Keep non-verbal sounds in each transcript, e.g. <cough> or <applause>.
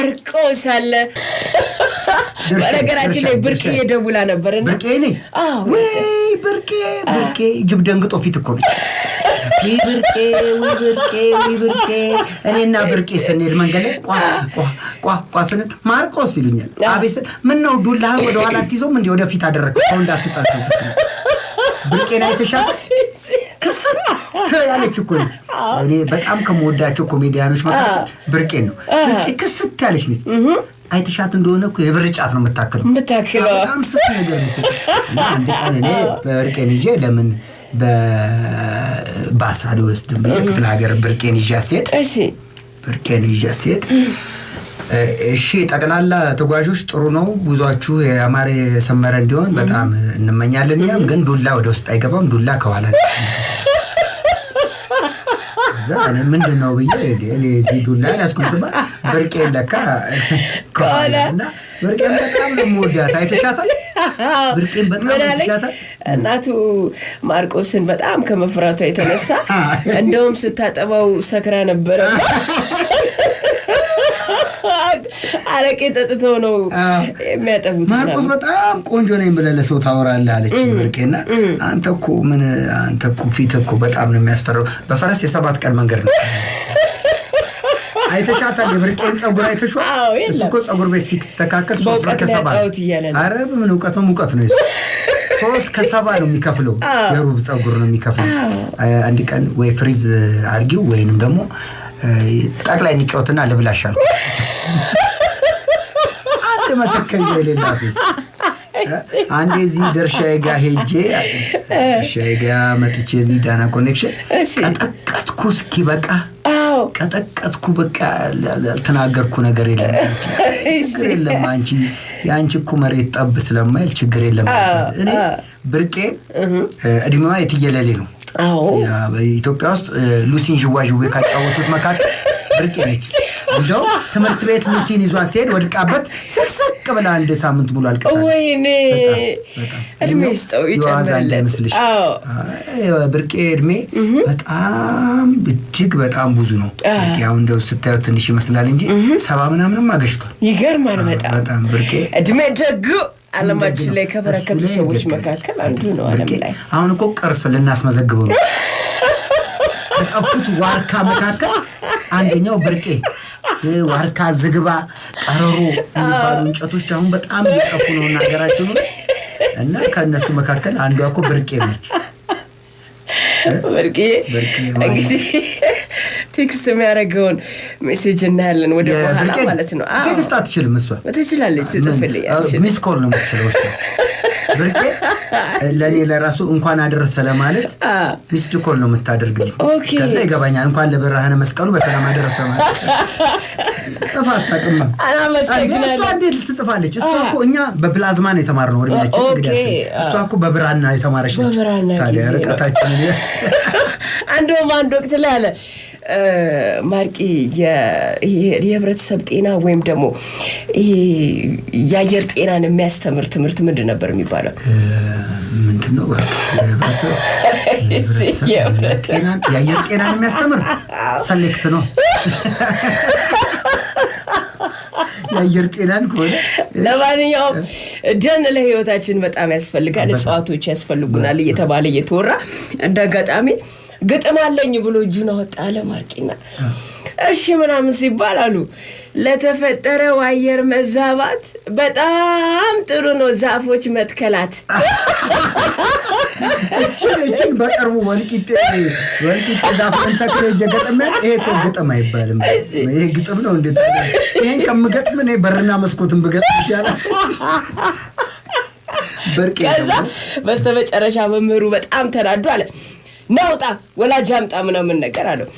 ማርቆስ አለ። በነገራችን ላይ ብርቅዬ ደውላ ነበር። ብርቄ ብርቄ ጅብ ደንግጦ ፊት እኮ ነች። ብርቄ ብርቄ ውይ ብርቄ። እኔና ብርቄ ስንሄድ መንገድ ላይ ቋ ቋ ቋ ቋ ስንል ማርቆስ ይሉኛል። ዱላህን ወደኋላ አትይዞም እንዴ? ወደፊት አደረግ ሰው እንዳትጣ ብርቄን አይተሻል? ያለች እኮ ነች። እኔ በጣም ከምወዳቸው ኮሜዲያኖች መካከል ብርቄን ነው። ብርቄ ክስት ያለች ነች። አይተሻት እንደሆነ እኮ የብር ጫት ነው የምታክለው የምታክለው በጣም ስስ ነገር ነች። አንድ ቀን እኔ ብርቄን ይዤ ለምን በባሳ ውስጥ ክፍለ ሀገር ብርቄን ይዣት ሴት ብርቄን ይዣት ሴት እሺ ጠቅላላ ተጓዦች ጥሩ ነው። ጉዟችሁ የአማረ የሰመረ እንዲሆን በጣም እንመኛለን። እኛም ግን ዱላ ወደ ውስጥ አይገባም። ዱላ ከኋላ ምንድን ነው ብዬ ዱላ ያስኩምስባል ብርቄ ለካ ከኋላና ብርቄን በጣም ለመወዳት አይተሻታል ብርቄን በጣም አይተሻታል እናቱ ማርቆስን በጣም ከመፍራቷ የተነሳ እንደውም ስታጠባው ሰክራ ነበረ <laughs> አረቄ ጠጥቶ ነው የሚያጠፉት። ማርቆስ በጣም ቆንጆ ነኝ ብለህ ለሰው ታወራለህ አለች ብርቄና፣ አንተ እኮ ምን አንተ እኮ ፊት እኮ በጣም ነው የሚያስፈራው። በፈረስ የሰባት ቀን መንገድ ነው። <laughs> አይተሻታል? የብርቄን ጸጉር አይተሽዋል? እሱ እኮ ጸጉር ቤት ሲስተካከል ሶስት ከሰባት አረ ምን እውቀቱም እውቀት ነው ሶስት ከሰባ ነው የሚከፍለው። የሩብ ጸጉር ነው የሚከፍለው። አንድ ቀን ወይ ፍሪዝ አርጊው ወይንም ደግሞ ጠቅላይ እንጫወትና ልብላሻል መተከያ የሌላት አንዴ እዚህ ደርሻ ጋ ሄጄ ደርሻ ጋ መጥቼ እዚህ ዳና ኮኔክሽን ቀጠቀጥኩ እስኪ በቃ ቀጠቀጥኩ በቃ ያልተናገርኩ ነገር የለም። ችግር የለም አንቺ የአንቺ እኮ መሬት ጠብ ስለማይል ችግር የለም። እኔ ብርቄ እድሜዋ የትየለሌ ነው። ኢትዮጵያ ውስጥ ሉሲን ዥዋዥዌ ካጫወቱት መካከል ብርቄ ነች። እንደው ትምህርት ቤት ሉሲን ይዟ ሲሄድ ወድቃበት ስቅስቅ ብላ አንድ ሳምንት ሙሉ አልቅሳወይኔ እድሜ ስጠው ይጨምራል አይመስልሽ ብርቄ እድሜ በጣም እጅግ በጣም ብዙ ነው ያው እንደው ስታዩ ትንሽ ይመስላል እንጂ ሰባ ምናምንም አገሽቷል ይገርማል በጣም ብርቄ እድሜ ደግ አለማችን ላይ ከበረከቱ ሰዎች መካከል አንዱ ነው አለም ላይ አሁን እኮ ቅርስ ልናስመዘግበው ነው <laughs> ከጠፉት ዋርካ መካከል አንደኛው ብርቄ ዋርካ፣ ዝግባ፣ ጠረሮ የሚባሉ እንጨቶች አሁን በጣም እየጠፉ ነው እና ሀገራችን እና ከእነሱ መካከል አንዷ እኮ ብርቄ ነች። ቴክስት የሚያደርገውን ሜሴጅ እናያለን ወደ በኋላ ማለት ነው። ቴክስት አትችልም፣ እሷ ትችላለች፣ ትጽፍልኛል። ሚስ ኮል ነው የምትችለው እሷ ብርቄ ለእኔ ለራሱ እንኳን አደረሰ ለማለት ሚስድ ኮል ነው የምታደርግልኝ። ከዛ ይገባኛል። እንኳን ለብርሃነ መስቀሉ በሰላም አደረሰ ማለት ጽፋ አታውቅማ። እሷ እንዴት ትጽፋለች? እሷ እኮ እኛ በፕላዝማ ነው የተማርነው እድሜያችን። እንግዲህ እሷ እኮ በብራና የተማረች ነች። ታዲያ ርቀታችን አንድ ወቅት ላይ አለ ማርቂ የህብረተሰብ ጤና ወይም ደግሞ የአየር ጤናን የሚያስተምር ትምህርት ምንድን ነበር የሚባለው? ምንድነው? የአየር ጤናን የሚያስተምር ሰሌክት ነው። የአየር ጤናን ከሆነ ለማንኛውም ደን ለህይወታችን በጣም ያስፈልጋል፣ እጽዋቶች ያስፈልጉናል እየተባለ እየተወራ እንደ አጋጣሚ ግጥም አለኝ ብሎ እጁን አወጣ አለ ማርቂና። እሺ ምናምን ሲባል አሉ ለተፈጠረው አየር መዛባት በጣም ጥሩ ነው ዛፎች መትከላት። እችን እችን በቅርቡ ወልቂጤ ወልቂጤ ዛፍን ተክለ ጀገጥመ ይሄ እኮ ግጥም አይባልም፣ ይሄ ግጥም ነው። እንዴት ይሄን ከምገጥም እኔ በርና መስኮትን ብገጥም ይሻላል። ከዛ በስተመጨረሻ መምህሩ በጣም ተናዱ አለ ናውጣ ወላጅ አምጣ ምናምን ነገር አለው።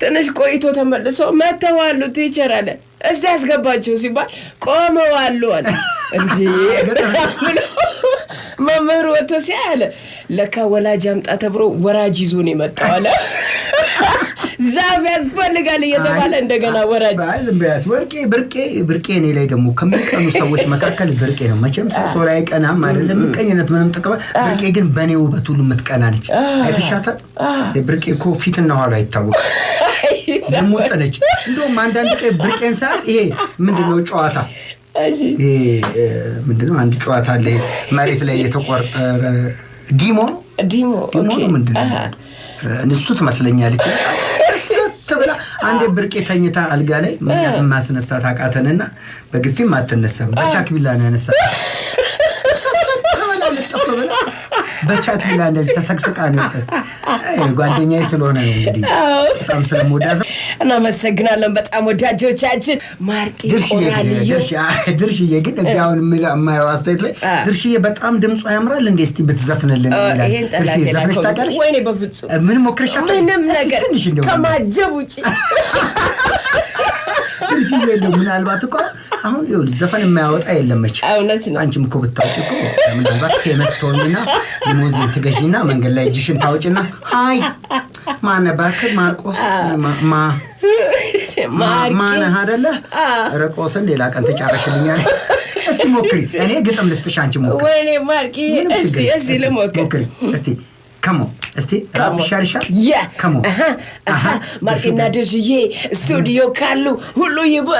ትንሽ ቆይቶ ተመልሶ መተዋሉ ቲቸር አለ። እስቲ ያስገባቸው ሲባል ቆመዋሉ አለ። እንጂ መምህር ወጥቶ ሲያ አለ ለካ ወላጅ አምጣ ተብሮ ወራጅ ይዞን የመጣው አለ። ዛፍ ያስፈልጋል እየተባለ እንደገና ወራጅ ዝንበያት ወርቄ ብርቄ ብርቄ እኔ ላይ ደግሞ ከሚቀኑ ሰዎች መካከል ብርቄ ነው። መቼም ሰው ሰው ላይ ቀናም አይደለም ምቀኝነት ምንም ጥቅም ብርቄ ግን በእኔ ውበት ሁሉ ነች። አይተሻታት ብርቄ እኮ ፊትና ኋላ አይታወቅም። ነች። እንደውም አንዳንድ ቀ ብርቄን ሰዓት ይሄ ምንድነው ጨዋታ ምንድነው አንድ ጨዋታ አለ መሬት ላይ የተቆርጠረ ዲሞ ነው ዲሞ ዲሞ ነው ምንድነው እንሱ ትመስለኛለች ብላ አንዴ ብርቄ ተኝታ አልጋ ላይ ማስነሳት አቃተንና በግፊም አትነሳም በቻክቢላ ነው ያነሳ በቻት ብላ እንደዚህ ተሰቅስቃ ነው ጓደኛዬ ስለሆነ ነው። እንግዲህ በጣም ስለምወዳት እናመሰግናለን። በጣም ወዳጆቻችን ማርቂ ድርሽዬ ግን እዚህ አሁን የማየው አስተያየት ላይ ድርሽዬ በጣም ድምፁ ያምራል እንዴ እስቲ ብትዘፍንልን ይላል። ዘፍነሽ ታውቂያለሽ? ምን ሞክረሻ? ምንም ነገር ከማጀብ ውጭ <laughs> እንደዚህ እንደው ምናልባት እኮ አሁን ይኸውልህ ዘፈን የማያወጣ የለመች። መች። እውነት ነው። አንቺም እኮ ብታውጪ እኮ ምናልባት ፌመስ ትሆኝና ሊሞዚን ትገዢና መንገድ ላይ እጅሽን ታውጪና ሀይ ማነ እባክህ ማርቆስ ማነ አደለ ረቆስን ሌላ ቀን ተጫረሽልኛል። እስቲ ሞክሪ። እኔ ግጥም ልስጥሽ፣ አንቺ ሞክሪ። ወይኔ ማርቂ፣ እስቲ ልሞክሪ፣ እስቲ ከሞ እስቲ ራፕ ይሻልሻል። ከሞ ማርቴና ድርዬ ስቱዲዮ ካሉ ሁሉ ይበ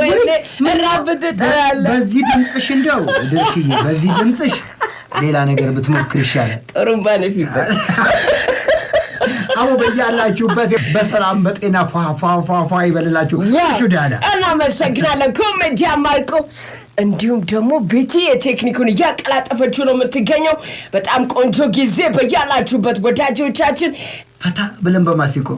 ወይኔ ራፕ ትጠላለህ በዚህ ድምፅሽ። እንደው ድርሽዬ በዚህ ድምፅሽ ሌላ ነገር ብትሞክር ይሻላል። ጥሩምባ ነፊበት <laughs> አሁን በያላችሁበት በሰላም በጤና ፏፏፏፏ ይበልላችሁ። ሹዳና እናመሰግናለን። ኮሜዲያ ማርቆ እንዲሁም ደግሞ ቤቲ የቴክኒኩን እያቀላጠፈችው ነው የምትገኘው። በጣም ቆንጆ ጊዜ በያላችሁበት ወዳጆቻችን ፈታ ብለን በማሲንቆ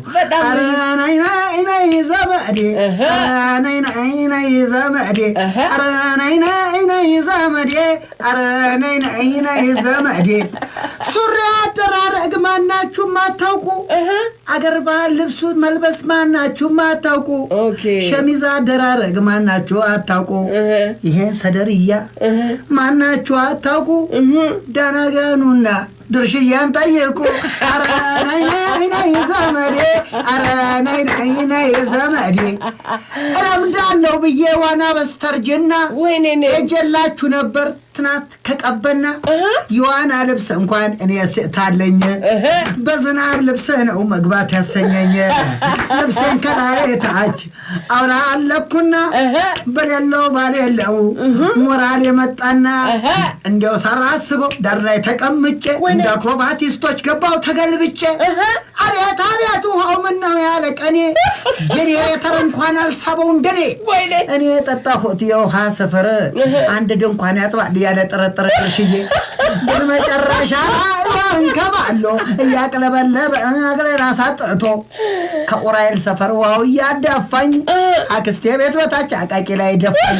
ዘመዴ ሱሪ አደራረግ ማናችሁ ማታውቁ፣ አገር ባህል ልብሱ መልበስ ማናችሁ ማታውቁ፣ ሸሚዝ አደራረግ ማናችሁ አታውቁ፣ ይሄን ሰደርያ ማናችሁ አታውቁ፣ ዳናጋኑና ድርሽያን ጠየቁ። አረ ዘመዴ አረ ነይ ነይ ነይ ዘመዴ ረምዳን ነው ብዬ ዋና በስተርጅና ወይኔ ነበር ትናት ከቀበና የዋና ልብስ እንኳን እኔ ታለኘ በዝናብ ልብስ ነው መግባት ያሰኘኝ <laughs> ልብስን ከላይ ታች አውራ አለኩና በሌለው ባሌለው ሞራል የመጣና እንዲያው ሳራስበው ዳር ላይ ተቀምጬ እንደ አክሮባቲስቶች ገባው ተገልብጬ አቤት አቤት ውሃው ምነው ያለ ቀኔ ጄኔሬተር እንኳን አልሳበው እንደኔ እኔ የጠጣሁት የውሃ ሰፈር አንድ ድንኳን ያጥባል ያለ ጥርጥር ሽዬ ግን መጨረሻ ባንከ አሎ እያቅለበለበ ራስ አጥቶ ከኡራኤል ሰፈር ውሃው እያዳፋኝ አክስቴ ቤት በታች አቃቂ ላይ ደፋኝ።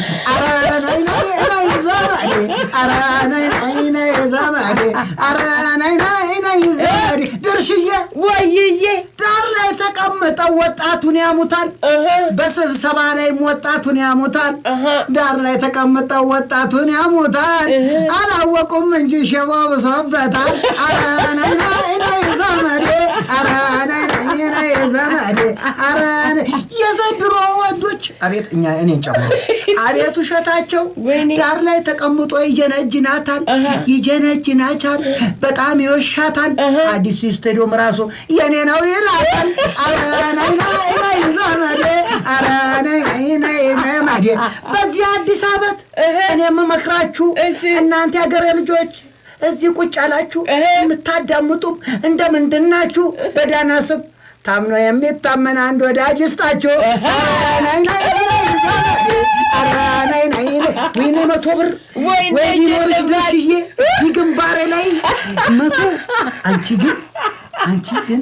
ዘመዴ፣ ድርሽዬ ወይዬ ዳር ላይ ተቀምጠው ወጣቱን ያሙታል። በስብሰባ ላይም ወጣቱን ያሙታል። ዳር ላይ ተቀምጠው ወጣቱን ያሙታል። አላወቁም እንጂ ሸባብሶበታል። ዘመዴ አራናናናይ ዘመዴ የዘንድሮ ወንዶች አቤት እኛ እኔን ጨምሮ አቤት ውሸታቸው ዳር ላይ ተቀምጦ ይጀነጅናታል ይጀነጅናቻል በጣም ይወሻታል። አዲሱ ስቴዲዮም ራሱ የኔ ነው ይላታል። ዘመዴ ዘመዴ በዚህ አዲስ አመት እኔ የምመክራችሁ እናንተ ያገሬ ልጆች እዚህ ቁጭ አላችሁ የምታዳምጡ እንደምንድን ናችሁ? በዳና ስም ታምኖ የሚታመን አንድ ወዳጅ ይስጣችሁ። ወይኔ መቶ ብር ወይ ቢኖርሽ ድርሽዬ ይግንባሬ ላይ መቶ አንቺ ግን አንቺ ግን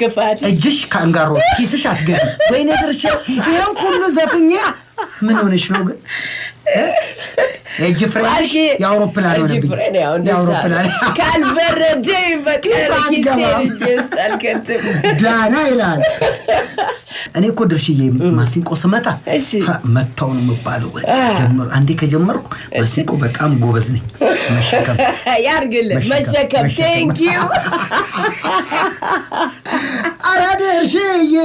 ክፋት እጅሽ ከአንጋሮ ኪስሽ አትገቢ። ወይኔ ድርሽ ይህን ሁሉ ዘፍኛ ምን ሆነሽ ነው ግን እጅ ፍሬሽ የአውሮፕላን ሆነብኝ። <laughs> ካልበረደ በቀር <laughs> ዳና ይላል። እኔ እኮ ድርሽዬ ማሲንቆ ስመታ መታው ነው የምባለው። ጀምር አንዴ ከጀመርኩ ማሲንቆ በጣም ጎበዝ ነኝ። መሸከም <laughs> ያርግልን፣ መሸከም ቴንኪዩ አራደርሽዬ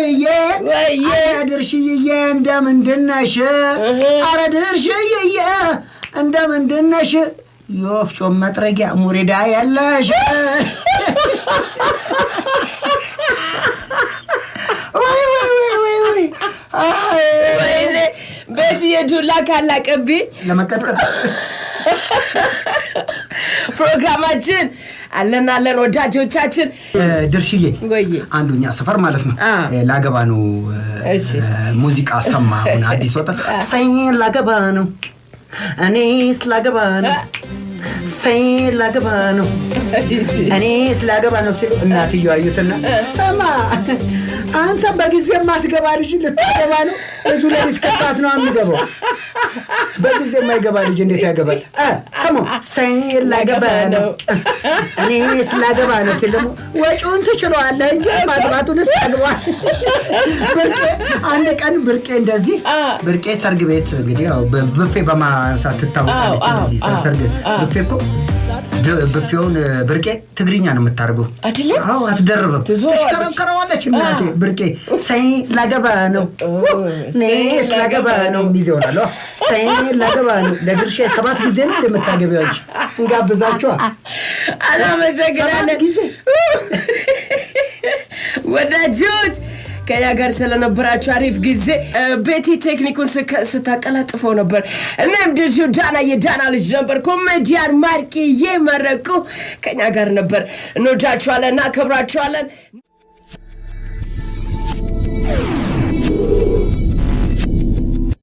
አረ ድርሽዬ እንደምንድነሽ? አረ ድርሽዬ እንደምንድነሽ? የወፍጮም መጥረጊያ ሙሪዳ ያለሽ በዚህ የዱላ ካላቀብኝ ለመቀጥቀጥ ፕሮግራማችን አለን አለን ወዳጆቻችን። ድርሽዬ አንዱኛ ሰፈር ማለት ነው ላገባ ነው ሙዚቃ ሰማ አዲስ ወጣ ሰኝ ላገባ ነው እኔስ ላገባ ነው ስላገባ ነው እኔ ስላገባ ነው ሲሉ እናትየው አዩትና፣ ሰማ አንተ በጊዜ የማትገባ ልጅ ልታገባ ነው። ልጁ ለሊት ከፋት ነው የሚገባው። በጊዜ የማይገባ ልጅ እንዴት ያገባል? ከሞ ስላገባ ነው እኔ ስላገባ ነው ሲል ደግሞ ወጪውን ትችለዋለህ እ ማግባቱን ስታግባል። ብርቄ አንድ ቀን ብርቄ እንደዚህ ብርቄ ሰርግ ቤት እንግዲህ ብፌ በማንሳት ትታወቃለች። እንደዚህ ሰርግ በፌ እኮ ብፌውን ብርቄ ትግርኛ ነው የምታደርገው አይደለ? አዎ፣ አትደርብም። ትሽከረከረዋለች እናቴ ብርቄ። ሰይ ላገባ ነው ኔስ ላገባ ነው ሚዜ ሆናለሁ። ሰይ ላገባ ነው ለድርሻ ሰባት ጊዜ ነው እንደምታገቢዎች እንጋብዛችኋ። አላመሰግናለን ወዳጆች ከኛ ጋር ስለነበራችሁ አሪፍ ጊዜ። ቤቲ ቴክኒኩን ስታቀላጥፈው ነበር። እኔም ደዚ ዳና የዳና ልጅ ነበር። ኮሜዲያን ማርቂ የመረቁ ከኛ ጋር ነበር። እንወዳችኋለን፣ እናከብራችኋለን።